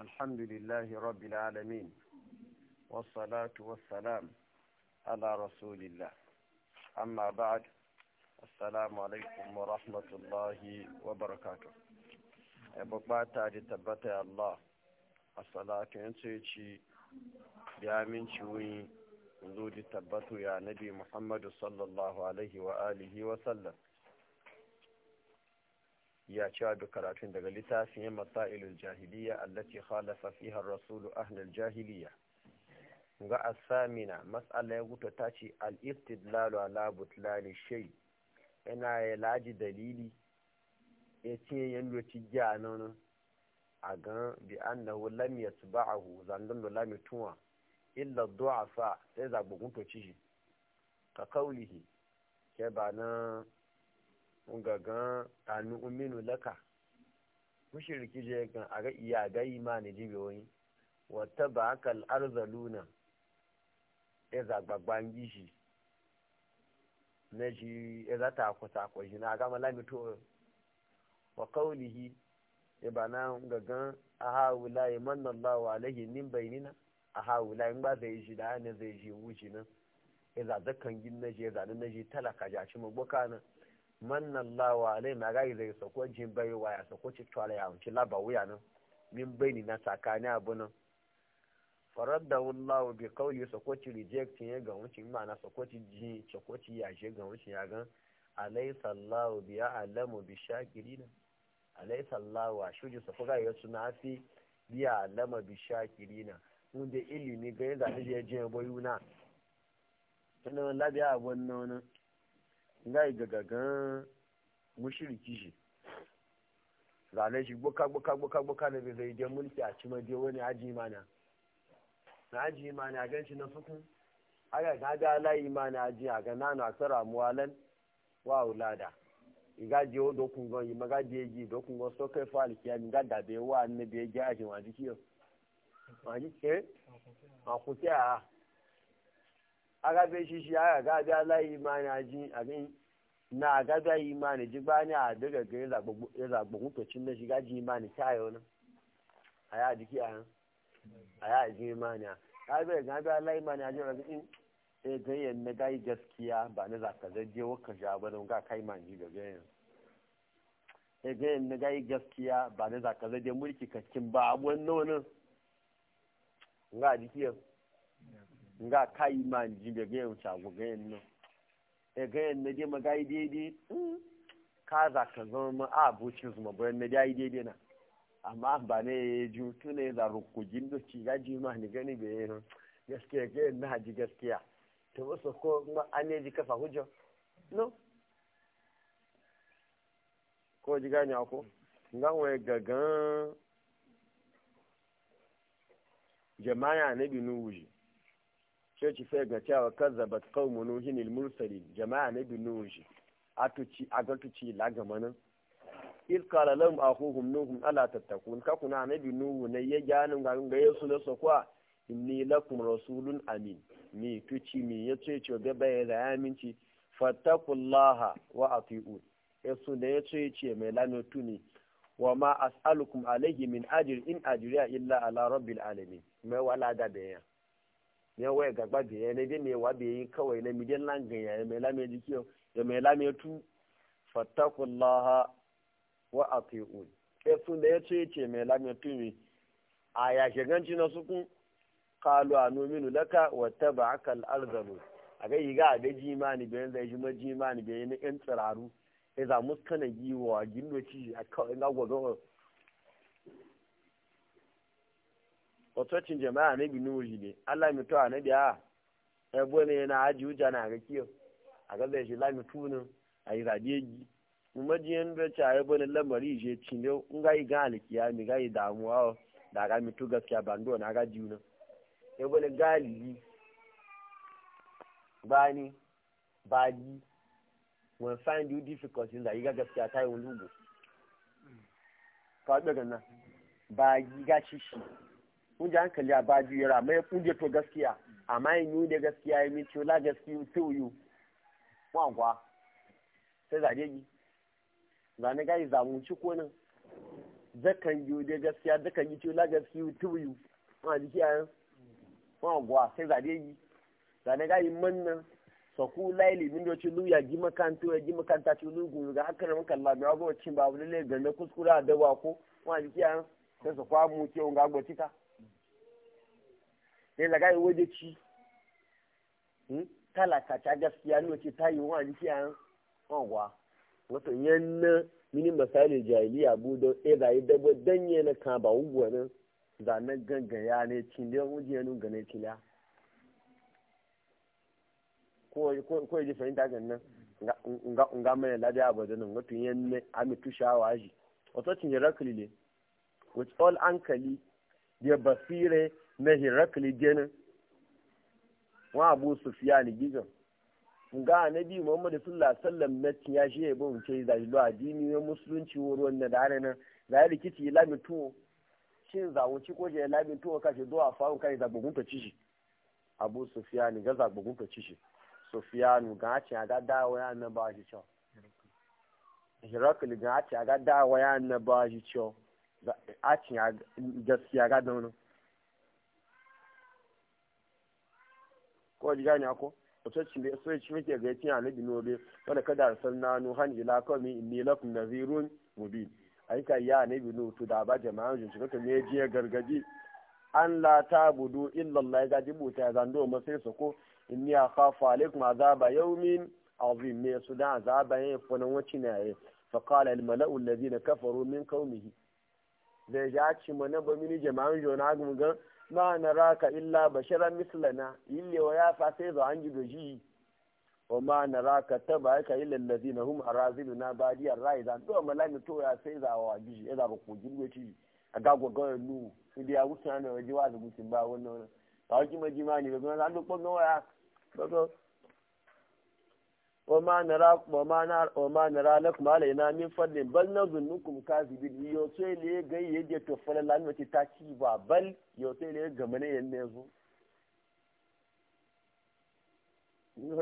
الحمد لله رب العالمين والصلاة والسلام على رسول الله أما بعد السلام عليكم ورحمة الله وبركاته أبقاتا لتبتع الله الصلاة ينسيتي بأمين شوي وزود تبتع يا نبي محمد صلى الله عليه وآله وسلم ya cewa duk karatun daga littafin masailul jahiliya allaci khalafa fiha ar-rasul ahlul jahiliya ga asamina matsala ya guta ta ce al-istidlalu ala butlani shai yana ya laji dalili ya ce yando ci gyanan a gan bi an annahu lam hu zandun da lam tuwa illa du'afa sai zagugun to ci ka kaulihi ke ba na gagan anu uminu laka mushiriki je kan aga iya ga imani jibe wani wata ba aka al'arzaluna eza gbagban gishi na shi eza takwa-takwa shi na gama to wa kaulihi ya ba na gagan a haula ya manna Allah wa alaihi nin bainina a haula in ba zai shi da ne zai shi wuce nan eza zakan gin na shi eza na shi talaka jashi magboka nan manna Allah wa alai ma gai zai sako jin bai wa ya sako ci tuwala ya laba wuya nan min bai ni na tsakani abu nan faradda wallahu bi qawli sako ci reject ya ga ma na sako ci ji sako ci ya je ga wuce ya gan alaysa Allah bi ya'lamu bi shakirin alaysa Allah wa shuju sako ga ya na fi bi ya'lamu bi da ilimi ga yadda ne je je boyuna tunan labiya wannan ngai gaga gan mushiriki shi zane shi boka boka boka boka na zai je mulki a cima je wani aji mana na aji mana gan shi na sukun aga ga ga layi mana aji a ga na na tsara muwalan wa ulada iga je o dokun gan yi maga je ji dokun gan so kai fa alkiya mi ga da be wa annabi ya ji aji wa dikiyo wa dikye eh? ma ku a? agabe shishi aka gabi alayi imani aji abin na agabi imani ji bani a daga ga ya mutocin na shiga ji imani ta na a ya jiki a a ya ji imani a gabi gabi alayi imani aji a in e na gayi gaskiya ba na zaka zaje waka sha ba don ga kai manji ga ganyen e na gayi gaskiya ba na zaka zaje mulki ba ga nga ka iman ji da gayan shago gayan nan e gayan na je magai daidai ka za ka zama a abokin zuma bayan na dai daidai na amma ba ne ya ji tuna ya zaro kogin da ci ya ji ma ni gani bai yi nan gaskiya gayan na ji gaskiya ta wasu ko ma an ne ji kafa hujja no ko ji gani ako nga wai gagan jama'a na binu wuji sai ci sai ga cewa kazzabat qaumu nuhin al-mursalin jama'a na bin a ga tuci lagamanin. il qala lahum akhuhum nuhum ala tattakun ka kuna na bi nuhu ne ya ganin ga ga yesu na sokwa inni lakum rasulun amin mi tuci mi yace ce ga bai da aminci fattakullaha wa ati'u yesu da ya ce mai lano tuni wa ma as'alukum alayhi min ajr in ajriya illa ala rabbil alamin mai wala da bayan ne waya gagba bi ya ne dai me wa bi kawai na midan langan ya mai lame jikiyo ya mai lame tu fattakullaha wa a atiun e sun da ya ce yace mai lame tu mi a ya shiganci na sukun qalu anuminu laka wa tabaka yi ga aga yiga da ni bayan zai ma jima ni bayan yan tsiraru e za muskana giwa gindo ci a kawai ga gogo otocin jama'a na bi nuri ne a ebo na aji uja na ga kiyo a ga zai shi la mi tunu ayi radiye gi mu majiyan da ebo ne lamari je cinyo ngai ga alkiya mi ga yi damuwa da ga mi to gaskiya baji find you difficult in yi mun ji hankali a ba rama ya kunje to gaskiya amma ya yi da gaskiya ya mice la gaskiya to yu wa kwa sai zage gi zane gai zamun ci ko nan zakan yi da gaskiya zakan yi ce la gaskiya to yu wa jiki ayan wa kwa sai zage gi zane gaji man nan saku laili min doci lu ya gi makanta ya gi makanta ci lu gu ga hakkar maka Allah mai abuwa cin babu lalle ga na kuskura da wako ko wa jiki ayan sai su kwamu ce wani ga gotika sai laga yi waje tala talaka ta gaskiya n'oche wace ta yi wa jiki a ogwa wato yanna mini misali jahiliya bu don e da yi dabo danye na ka ba na nan da na gangaya ne cin da wuje ya nunga ne kila ko ji fahimta ga nan nga mai labiya ba da nan wato yanna amitu shawa ji wato cin hirakuli ne with all ankali da basire na hirakli jena wa abu sufiyani gigan ga annabi muhammad sallallahu alaihi wasallam na tiya shi ya bin ce da lo addini ne musulunci wurin na da ranar da ya rikici lamin tuwo shin zawuci ko ya lamin tuwo kashe zuwa faru kai da gunta ci shi abu sufiyani ga za gunta ci shi sufiyani ga ci ga da waya na ba shi cewa hirakli ga ya ga da waya na ba shi cewa a ci gaskiya ga da wannan kawai ako a cikin da so shi muke ga yakin annabi nobe wanda kada arsalna nuhan ila qawmi inni lakum nadhirun mubin aika ya annabi nu to da ba jama'a jin shi to me jiya gargaji an la tabudu illa allah gaji buta ya zando ma sai su ko inni akhafu alaikum azaba yawmin azim me su da azaba yayin funan wacin yayi fa qala al mala'u alladhina kafaru min qaumihi da ya ci mana ba mini jama'a jona ga ma na illa basharan mislana ille wa ya fa sai an ji shi wa ma na raka ta ba ka illa allazina hum da na badiyar rai zan do malami to ya sai za wa ji ya za ko gilwe ci a gago ga nu idi ya wuce na waje wa da mutum ba wannan wannan ba ji ma ne ma ne ga zan do nawa no ya ba وما نرى وما نرى وما نرى لكم علينا من فضل بل نظنكم كاذبين يوتي لي غي يدي تفل لان متي تاكي با بل يوتي لي غمنه ين ne نو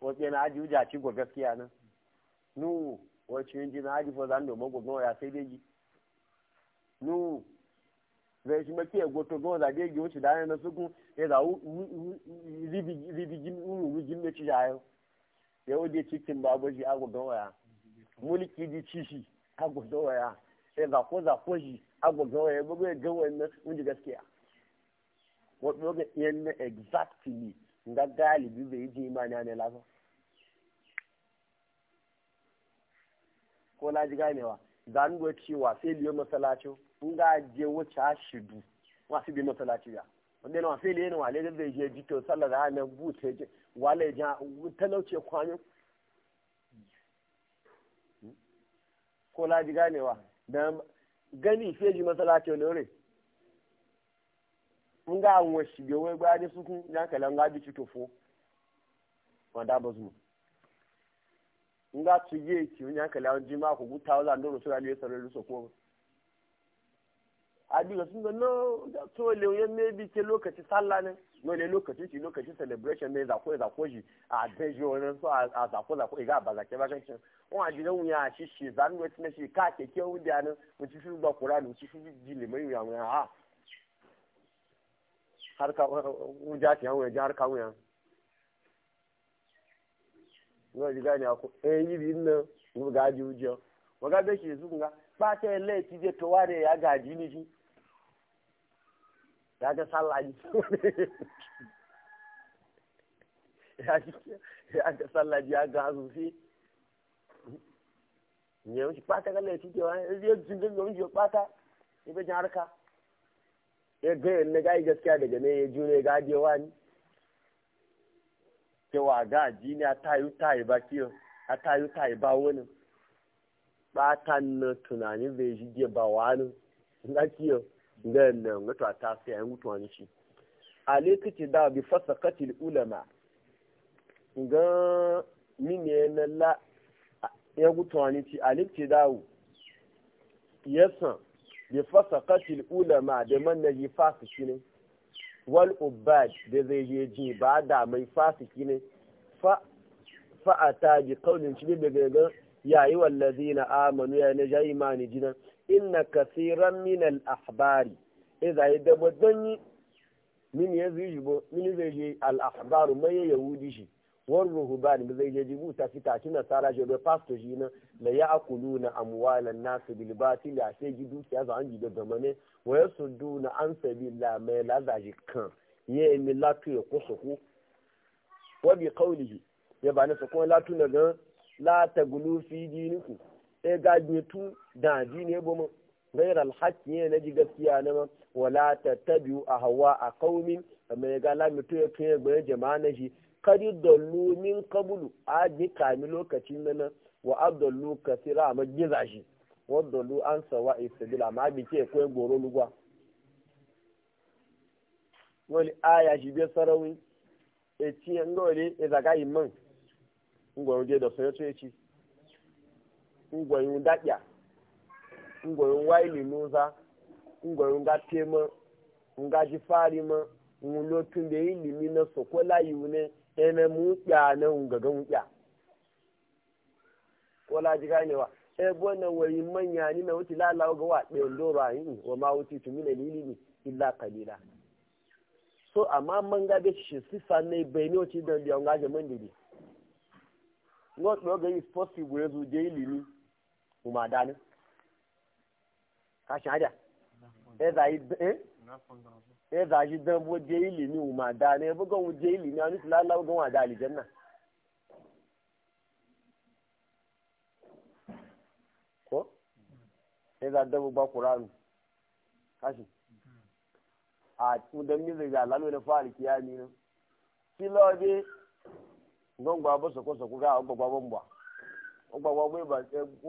wace na aji wuja ci gwa gaskiya nan nu wace yin ji na aji fa zan domin gwagwa ya sai dai zai shi mafi goto to gona zage gi wuce da na suku ya da ribi gini gini ci ya yau ya wuce cikin babu shi agwa ya mulki di ci shi agwa gawaya ya za ko za ko shi agwa gawaya ya bugu ya gawa na wunji gaskiya wata yoga yan na exactly nga galibi zai ji imani ne lafa ko laji ganewa zan cewa sai liyo masalacin nga je wacce a shidu wasu bi masalaci ya wanda yana wasu ne yana wale zai je jito sallar da hannun buce je wale ja talauce kwanin ko laji ganewa da gani fiye ji masalaci ne wuri nga awon shige wai gba ni sukun ya kala nga bi ci tofo wanda ba zuwa nga tuye ki ya kala jima ko 2000 dollars sai ne sarari so ko abi ga sun ga no da so le ne bi ke lokaci sallah ne no le lokaci shi lokaci celebration ne za ko za ko shi a dejo ne so a za ko za ko ga ba za ke ba kan cin on a gidan wuya shi shi zan wet ne shi ka ke ke wudi ne mu ci shi ba qur'ani mu ci shi ji le mai yawo ha har ka mu ja ti hawo ja har ka wuya no ji ne ako eh yi bi nan mu ga ji wujo ga be shi zunga ba ta lai ti je to ware ya gaji ni shi ya ga sallah ji ya ga sallah ji ya ga azufi ne wuce fata kallon ya tuke wa ya jin dinga wuce fata ya bai harka ya gaya yin na gayi gaskiya daga ne ya jure ga ajewa ni cewa ga ji ne a tayu tayi ba kiyo a tayu tayi ba wani batan na tunanin bai shige ba wani na kiyo dan nan wato ta sai an mutuwa ne shi da bi ulama ga mine na la ya mutuwa ne ci alikati da yasa bi fasaqatil ulama da man naji fasiki ne wal ubad da zai je ji ba da mai fasiki ne fa fa'ata bi qaulin shi bi daga yayi wallazina amanu ya ne jayi mani jinan inna kasiran min al ahbari idza yadaba danyi min yazibu min zai al ahbaru mai yahudi shi war ruhban bi zai je jibu ta fita kina sara je be pastor shi na la ya'kuluna amwalan nas bil batil ya sai gidu ya za an gidu da mane wa yasudduna an sabila mai lazaji kan ye mi latu ko suku wa bi qawlihi ya ba na ko latu na ga la tagulu fi dinikum e ga tu da ji ne bo mu غير الحق ينجي غسيا نما ولا a اهواء قوم ما ga la mutu ya tuye gbe jama'a na shi kadi dallu min qablu aji kami lokacin nan wa abdallu kasira ma giza shi wa dallu an sawa isbila ma bi ke kai goro lugwa wali aya shi be sarawi e ci ngole e zaga imman ngoro je da sai ci ngwayin daɗya ngwayin waili nuza ngwayin ga tema nga ji fari ma ngulo tun da na sokola yune ene mu kya na ngaga mu kya ji ganewa e bona wayi manya ni na wuti ga wa ɗayan dora yi wa ma wuti tumi na ilimi illa kalila so amma man ga shi ga kuma dani kashin hada ya zaji dan waje ilimi uma dani ya bugan waje ilimi a nufi lalawa gan wada alijanna ko ya za dan bugba kuranu kashin a tudan mizai ga lalo da fara kiyami nan kilo dai gan gwabo sako-sako ga abubuwa bambam gbagbo bai ba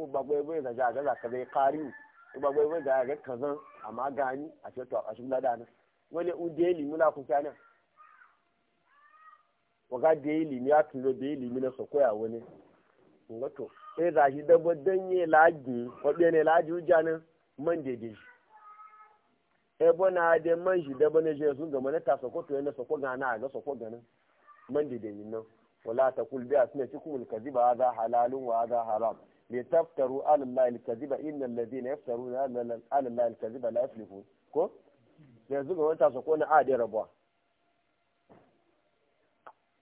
gbagbo bai da jaga da ka bai kari gbagbo bai da ga kazan amma gani a ce to a shi lada ne wani u daily muna ku kana waga daily mi ya tulo daily mi na so koya wani ngoto sai da shi dabo danye laji wabe ne laji ujanin man dede shi ebo na de man shi dabo ne je sun ga mana ta soko to ne soko gana ga soko ganin man dede yin nan ولا تقول suna الكذب هذا حلال وهذا حرام لتفتروا على الله a إن الذين يفترون على الله الكذب لا يفلحون كو yanzu ga wata sako na adin rabuwa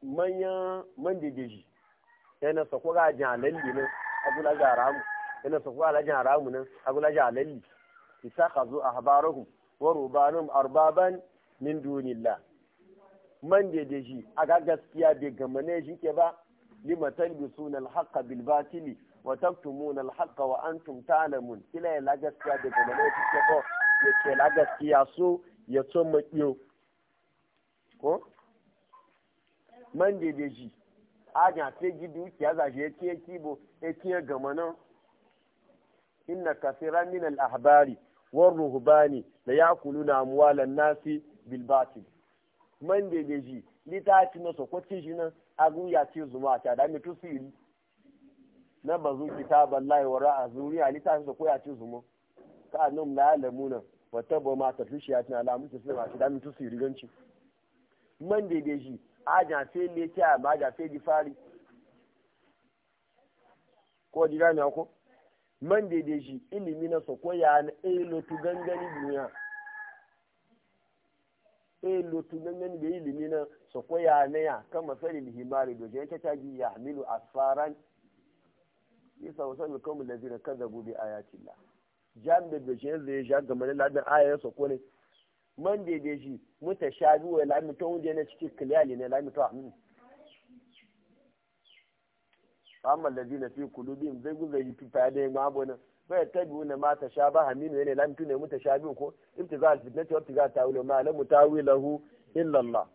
manyan man dedeji yana sako ga ajin halalli agula ga haramu yana sako ga ajin haramu agula ga isa ka zo a wa rubanum arbaban min dunillah man da shi a ga gaskiya bai gamane shi ke ba lima talbisuna alhaqa bil batili wa taktumuna alhaqa wa antum ta'lamun kila ya la gaskiya bai gamane shi ke ko ya ce la gaskiya so ya so makiyo ko man da shi a ga te gidu dukiya za shi ya ce kibo ya ce gamana inna kafiran min al ahbari ruhbani la yakuluna amwalan nasi bil batili man bebeji litafi na sokoci shi nan agun ya ce zuma ta da mitu siri na bazu kitaban layi wa ra'a zuriya litafi soko ya ce zuma ka annum la alamuna wata ba ma ta tushe ya tana alamun ta sirra ta da mitu siri ganci ji a ja fe le ta ba ja fe di fari ko di gane ko de ji ilimi na soko ya na elo tu gangani duniya e lotu gangan da ilimi na su koya na ya kan masalin himari da jiyan ta ji ya hamilu asfaran isa wasu alkamu da na kan zabu bi ayatilla jam da da jiyan zai ja game da ladin ayar su ne man da da shi muta sha biyu ya lami ta wunde na cikin kiliyali ne lami ta amin amma da na fi kulubin zai guza yi fifa da yin abu bai tabi na ma ta sha ba haminu yana lamtu ne muta sha biyu ko ibtiza alfitnati wa ta ta'wil ma la mutawilahu illa Allah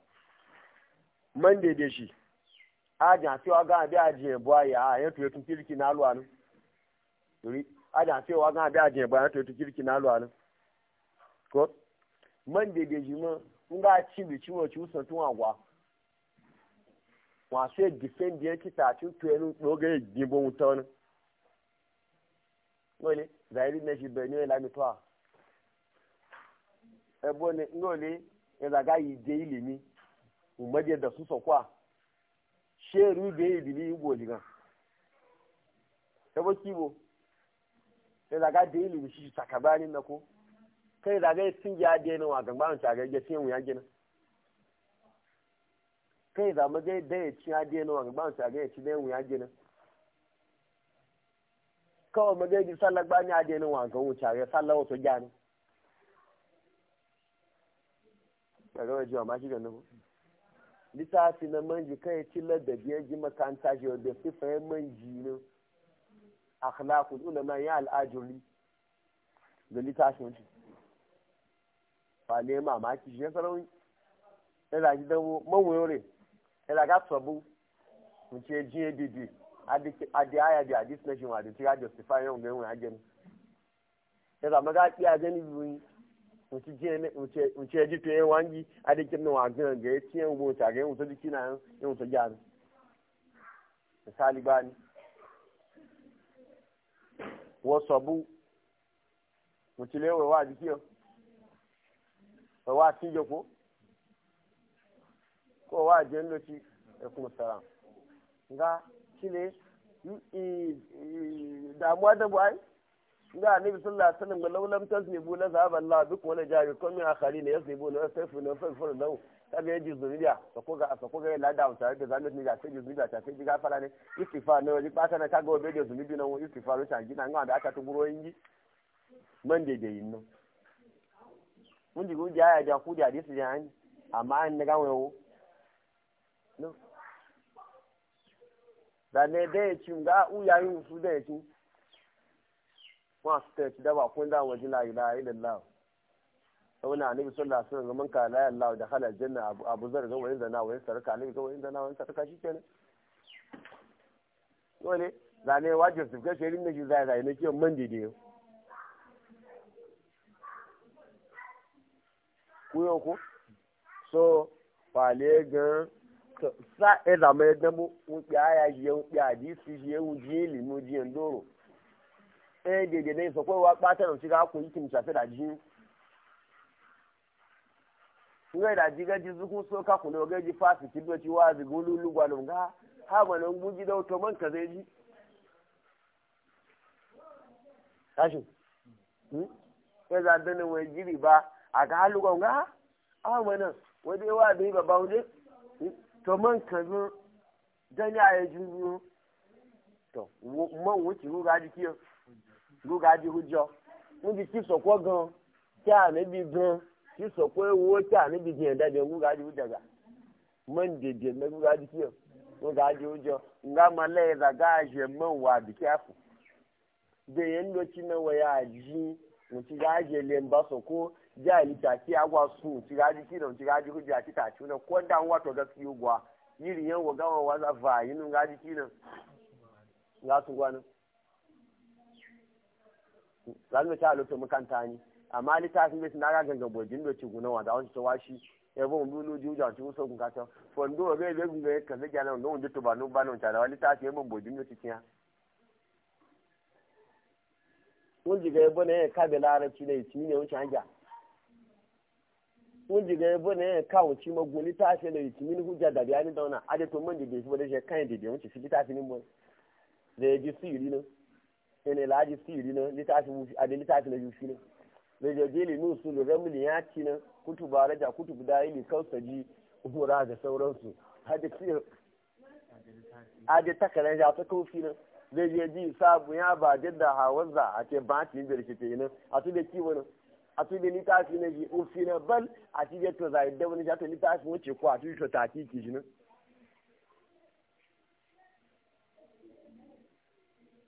man dede shi ajan ti wa ga bi ajan bo aya ayan to tun kirki na alwa nu tori ajan ti wa ga bi ajan bo ayan to tun kirki na alwa nu ko man dede shi mo nga ci bi ci wo ci tun agwa wa se defend kita tun ngole zairi na shi benue la mitwa ebo ne ngole ezaga ije ilimi umaje da su sokwa sheru ge ibili igbo liga ebo kibo ezaga de ilimi shi sakabani nako kai zaga tin ya de na wa gamba an chaga ge tin ya gina kai za mu ga de tin ya de na wa gamba an chaga ge tin ya gina kawai magaji sallah ba ni aje ni wanka wuce ya sallah wasu gyanu daga wajen jiwa ma shi ganin ku littafi na manji kai tilar da biyar ji makanta shi wanda sifayen manji ne akhlaqul ulama ya al'ajuri da littafin shi fa ne mamaki shi ya sarauni ila gidan mawuyore ila ga sabu mu ce jiye bibi adi aya di adi sinɛ si adi ti ka justify yɛn wọn wọn agye mu yasa mɛ ka kpi agye ni bi wọn ti diɛ ne wọn ti ɛdi to yɛn wọn yi adi kyɛm na wọn agbɛn gɛ eti yɛn wọn ti agɛ yɛn wọn sɔ di kyi na yɛn wọn sɔ gya no misali baa ni ti lé wɔ wɔ adi kiyɔ wɔ wɔ nga. shi ne mm, damuwa da bu'ai ga annabi sallallahu alaihi wasallam laulam tasnibu la zahaba Allah duk wala jari ko min akhari ne yasnibu la sayfu la sayfu la ta ga yaji zuriya ta ko ga ta ko ga la da ta ga zamet ni ga ta ji zuriya ta ji ga fara ne istifa ne wani ba na ka ga obe da zuriya na wani istifa ro ta gina ngwa da aka tuguro yin ji man de de yin no mun ji go ja ya ja ku da disi ja amma an ne ga wo no da ne da ya ci ga uya yi musu da ya ci su ta ci daba kun da waje la ilaha illallah wani annabi sallallahu alaihi wasallam ka la ya Allah da halal janna abu zar ga wani zana wani sarka annabi ga wani zana wani sarka shi kenan dole zane wajen su kashe rin da shi zai zai na kiyon man dide ku yau ku so fale gan sa e zama ya damo wuƙi aya shi ya wuƙi hadisi shi ya mu ji en doro eh de dai so wa pa tan na ka ko yi ti mi sa fi da ji ngai e da ji ga ji gaji ku so ka ga ji fa si ti kido ti wa zi lu gwa gwanon ga ha gwanon ji da to man ka ze ji ka tashi hmm sai e da dana wai jiri ba a ga halu gwanon ga ha gwanon wai de wa ba babban de to man kazo dan ya yi jinu to man wuce ruga ji kiyo ruga ji hujjo mun ji ki gan ki a ne bi gan ki sokwa a ne bi gan da bi ruga ji hujjo ga man de de na ruga ji kiyo ruga ji hujjo nga da ga je man wa bi kafu de yen do chi na waya ji mun ci ga je le mba jahili taki agwa su tigaji kidan tigaji hujja ki taci na ko dan wato gaskiyo gwa yiri yan wa gawa waza fa yin gaji kidan za su gwanin zalmi ta lo lokacin makanta ni amma ni ta littafin bai na gagan ga bojin do ci guna wa da wasu tawa shi ya bon lulu juja ci uso kun kata fondo ga ga gunga ya kaza ga no ndu to ba no ba no ta da littafi ya bon bojin da ci tiya kun ji ga yabo ne ka da larabci ne ci ne wancan hanja mun ji ga yabo ne ka wuci ma guli ta ce da yi min hujja da bayani da wannan ade to mun ji shi ba da shi kan da shi ta finin mun da ya ji siri ne ene la ji ne litafi mu ade litafi na yushi ne da je dele su da ramli ya ci raja kutubu da ili kausaji umura da sauransu hade sir ade takaran ja ta kofi ne zai je ji sabu ya ba jadda a ce ba ci da rikice ne a tu da kiwo na. a tu da littafi na ji ufi na bal a ti je to zai da wani ja to litafi wuce ko a tu to ta ti ki jinin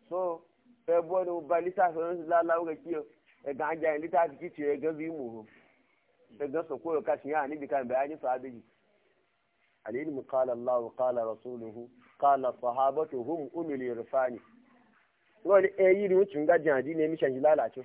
so e bono ba litafi na la la ga kiyo e ga ja litafi ki ti e ga bi mu ho e ga so ko ka shi ya ni bi kan ba ni fa bi sahabi mu qala allah wa qala rasuluhu qala sahabatuhum umil irfani wani ɗaya e yi da wucin gajin adini ya mishan shi lalacin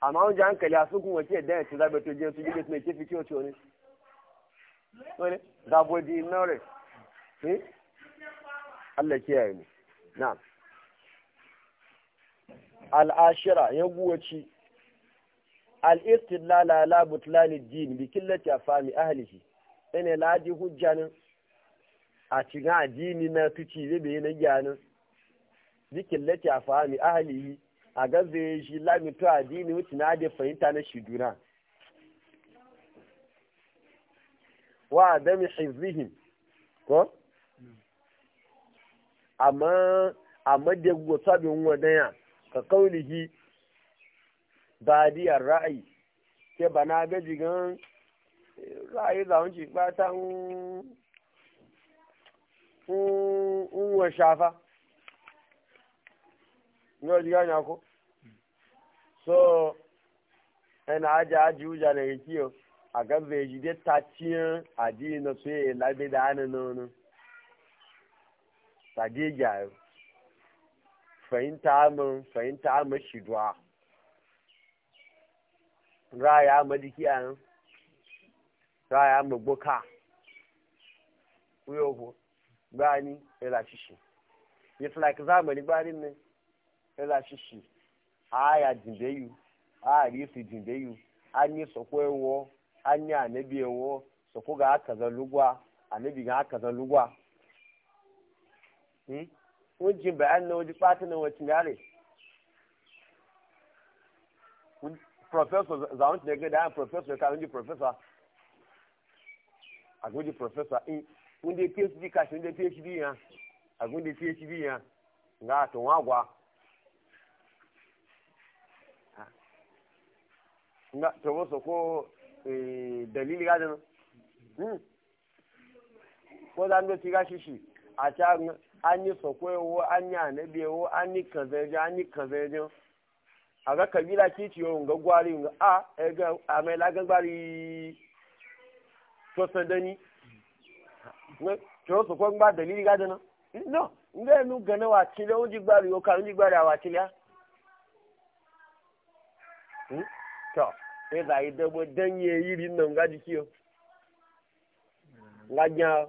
amma oúnjẹ à ń kẹ̀lé wace tí ẹ̀dá ẹ̀ to jiya tó jẹ́ tó jẹ́ tó lè ké fi kí ó ti oní. Allah iná rẹ̀ ní náà al'ashira yẹn gúwo ci al'istilala alabutulani din bi a fami ahalihi yana laji hujjanin a cikin addini na tuci zai bayyana gyanin bi a fami a gaza shi lamito dini wuce na adi fahimta na shi duna wa adami hizbihim ko amma amma da sabi wuwa daya ka kaulihi badiyar ra'ayi ke ba na gaji gan ra'ayi za wuce ba ta wuwa shafa. yau jiga ko? so ena aja aji uja na ekiyo a gaba ya adi ta ciyan aji na su yi labe da hannun nono tadi gyaru fahimta amin fahimta amin shidwa raya madiki a nan raya magboka uyohu gbani ila e shishi yi flak zamani gbani ne ila e shishi aya yu ari su jimbeyu yu yi soko ewo an yi anabi ewo soko ga aka zan lugwa anabi ga aka zan lugwa hmm? wọ́n jin bayan na wajen ɓata na wacin yare professor zawon ne ga dayan professor ka wani professor a gudu professor in wunde phd kashi wunde phd yan a gudu phd Nga ga ta agwa. nga tobo so eh, dalili ga dana hmm. ko da ndo tiga shishi a ta an yi so ko anabi e wo an e a ga kabila kici yo nga gwari nga a e ga a gbari to sadani ne to ngba dalili ga dana no nga nu gana wa chile o ji gbari o ka ji a wa chile hmm. to sai za yi dabo don ya yi rin nan ga jiki ga jan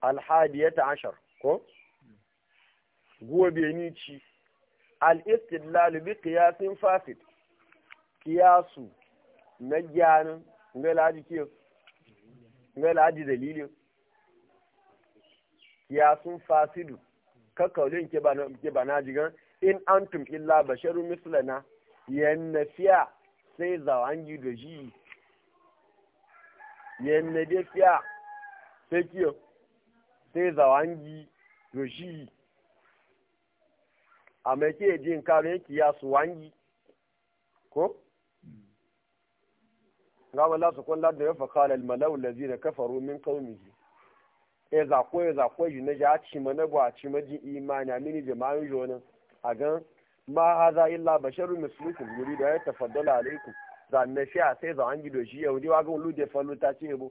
alhadiyata ashar ko gobe ni ci al-istidlal bi qiyasin fasid qiyasu na gyanin ga laji kiyo ga dalilin qiyasun fasidu ka kaulin ke ba na jigan in antum illa basharu mislana yanna fiya sai zawangi da shi yanna dai fiya sai kiyo sai da shi a mai ke jin karo yanki ya su wangi ko ga wala su kun ladda ya fakala almalau lazina kafaru min qaumihi e za ko e za ko yi na ja ci mana ba ci maji imani amini jama'in jonan a gan ma haza illa basharun mislukum guri da ya tafaddala alaikum na shi a sai zan gido shi yahudi wa ga lude fallu ta ce bu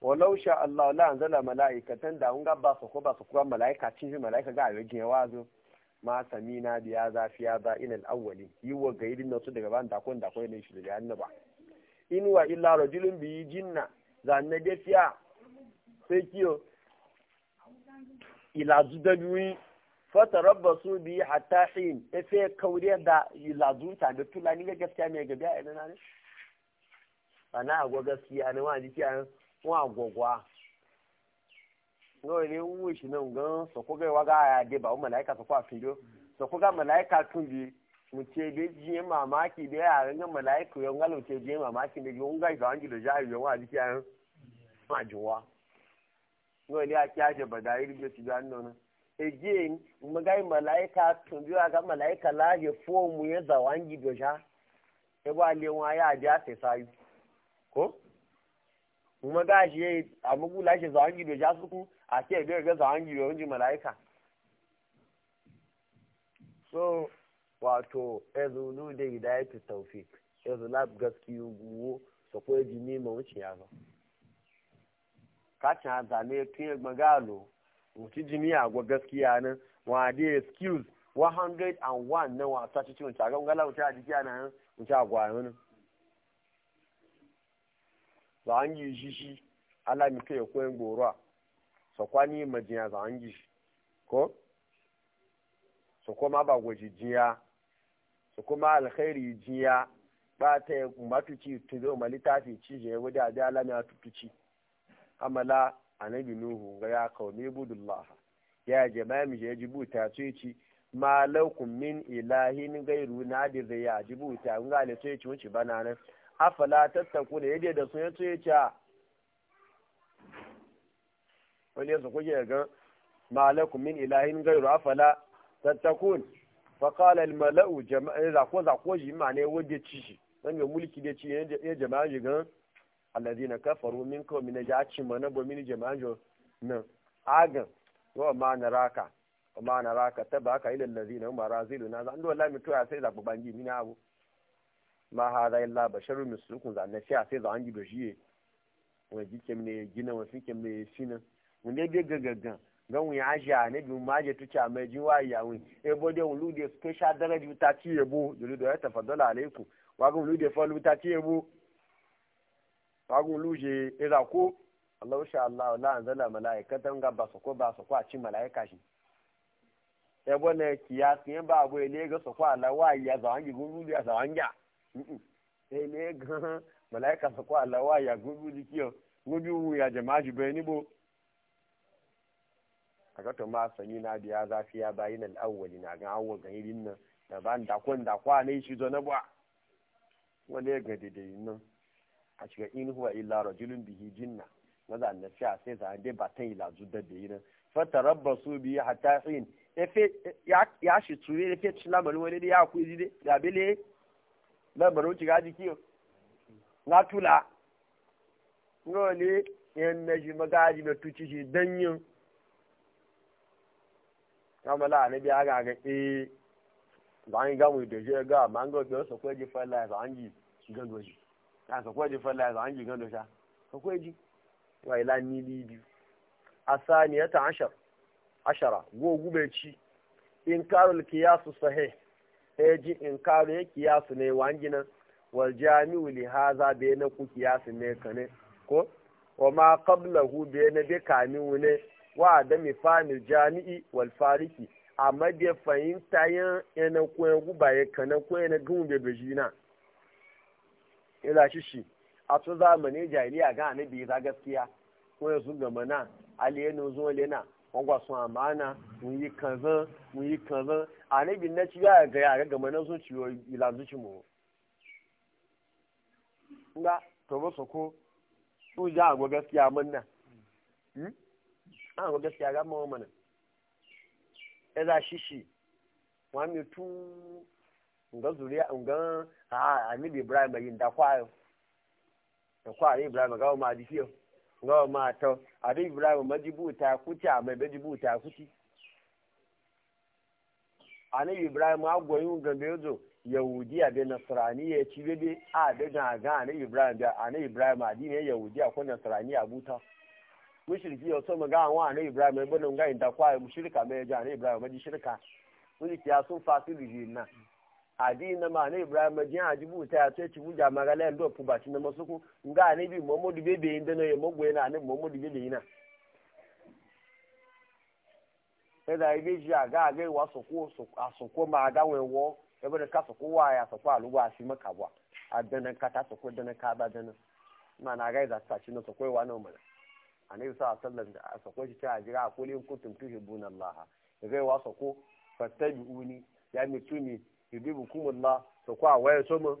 walau sha Allah la anzala malaikatan da un gaba su ko ba su kuma malaika cin shi malaika ga ayo gin wazo ma samina biya zafiya ba inal awwali yi wa gaidin na su daga ban da kon da ne shi da annaba in wa illa rajulun bi jinna da da gefiya sai kiyo ila zudabi fatarabbasu bi hatta hin efe kauriya da lazunta da tunani ga gaskiya mai gabi a ina ne ana agwa gaskiya ne wa jiki an wa agwagwa no ne wu shi nan gan so ko ga waga ya de ba malaika so ko a fido so ko ga malaika tun bi mu ce de je mamaki de ya ran malaika yo ngalo ce ji mamaki de yo ga ga da ja yo wa jiki an ma juwa no ne a kiyaje badai ribe su ga nan eje magai malaika tun tumbiwa ga malaika laje ya fomu ya zawangi doja e ba le wa ya ja te sai ko kuma ga shi amugu la shi zawangi doja su ku a ce be ga zawangi do ji malaika so wato ezulu da hidayatu tawfik ezulab gaskiyu guwo so ko ji ni ma wuce ya ba ka ta zame tun magalo wuce a gwa gaskiya nan wa de skills 101 na wasa sa cikin ta ga ngala wuce a jiki na wuce a gwa nan za an yi shi shi alami kai ko goro a kwani majiya za an yi ko so kuma ba gwaji jiya so kuma alkhairi jiya ba ta yi matuci tuzo malita fi cije wadda da ala na tutuci amala annabi nuhu ga ya kaume budullah ya jama'a mi ya jibuta su ci ma lakum min ilahin gairu na da zai ya jibuta ga ne sai ci wuce bana nan afala tattaku ne yadda da sun yace ya wani yasa kuke ga ma lakum min ilahin gairu afala tattakun fa qala al mala'u jama'a za ko za ko ji ma ne wanda ci shi dan mulki da ci ya jama'a ji gan alladina kafaru ko min ci mana bo min manjo na aga wa ma naraka wa ma naraka tabaka ila alladhina hum na zan do lami to ya sai zabu bangi mina abu ma hada illa basharu mislukum zan ne sai sai zan ji dojiye wa jike ne gina wa fike me sina mun dai ga gagagan gan wi aja ne bi ma je tucha mai ji wa ya wi e bo de ulu special daraja ta ci yebo dole do ya tafadala alaikum wa ga ulu fa falu ta ci yebo fagun luje ira ko Allah sha Allah la anzala malaikatan ga ba ko ba ko a ci malaika shi e bona kiyas ne ba go ile ga ko Allah wa ya za wangi gun ya za wangi e ne ga malaika ko Allah wa ya gun luje kiyo gudu ya jama'a bai ni bo aka to ma sani na biya zafiya bayin al-awwali na ga awwa ga irin nan da ban da kon da kwa ne shi zo na ba wale ga dede nan a shiga in huwa illa rajulun bihi jinna maza annabi a sai zan dai batan ila zudda da fa tarabbasu bi hatta hin efe ya shi ture efe tsila lamarin wani da ya ku ji da baro lamarin gaji jiki na tula ngole yan naji magaji da tuci shi danyin kamala annabi aga ga eh zan ga mu da je ga mango da so ko ji ba an ji gangoji na wa ila biyu a saniyata ta ashara go ci in karul kiyasu sahi e ji in karu ya kiyasu ne wa gina wal jami'u li haza be na ku kiyasu ne kane ko wa ma qablahu be na be ne wa da mi famil jami'i wal fariki amma be fahimta yan guba ya kana ko ina bejina ila shi shi a tun zamani jahiliya ga annabi za gaskiya ko ya sun gama na zo zuwa lena wangwa sun amana mun yi kanzan mun yi kanzan annabi na ci ya ga ya gama na sun ciwo ilanzu ci mu nga to ba so ko su ja go gaskiya mun na hmm? a go gaskiya ga mu mana ila shi shi wa mi tu nga zuriya nga a amid ibrahim yin da kwayo da kwayo ibrahim ga ma di fiyo nga ma to ade ibrahim majibuta kuti a mai majibuta kuti ane ibrahim agwoyin gambe yozo yahudiya be nasrani ya ci bebe a da gaga ane ibrahim da ane ibrahim adini ya yahudiya ko nasrani ya buta mushriki ya so maga wa ane ibrahim ya bana nga inda kwayo mushrika mai ja ane ibrahim maji shirka mun ki ya sun fasiri na a na ma ne ibrahim ji ajibu ta ya ce ci buja magala ndo fu ba na masuku nga a bi muhammadu dị ndị na yemo dị na ne muhammadu bebe ina sai ibe ji aga aga wa soko asoko ma aga wewo ebe da ka soko wa ya ga aluwa shi ebe bwa adana ka ta soko dana na ga za na soko wa na mana annabi sallallahu alaihi wasallam da soko shi ta jira wa soko fattabi'uni ya mituni ibi bukumun la su kwa waye soma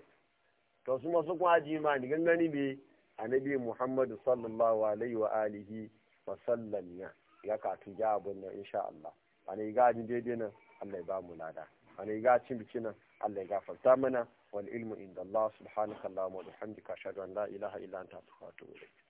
to su masu kwa ji ma ni gangani bi annabi muhammadu sallallahu alaihi wa alihi wa sallam ya ya ka tuja abun na insha Allah ana ga ji daidai nan Allah ya ba mu lada ana ga cin biki nan Allah ya gafarta mana wal ilmu inda Allah subhanahu wa ta'ala wa bihamdika ashhadu an la ilaha illa anta astaghfiruka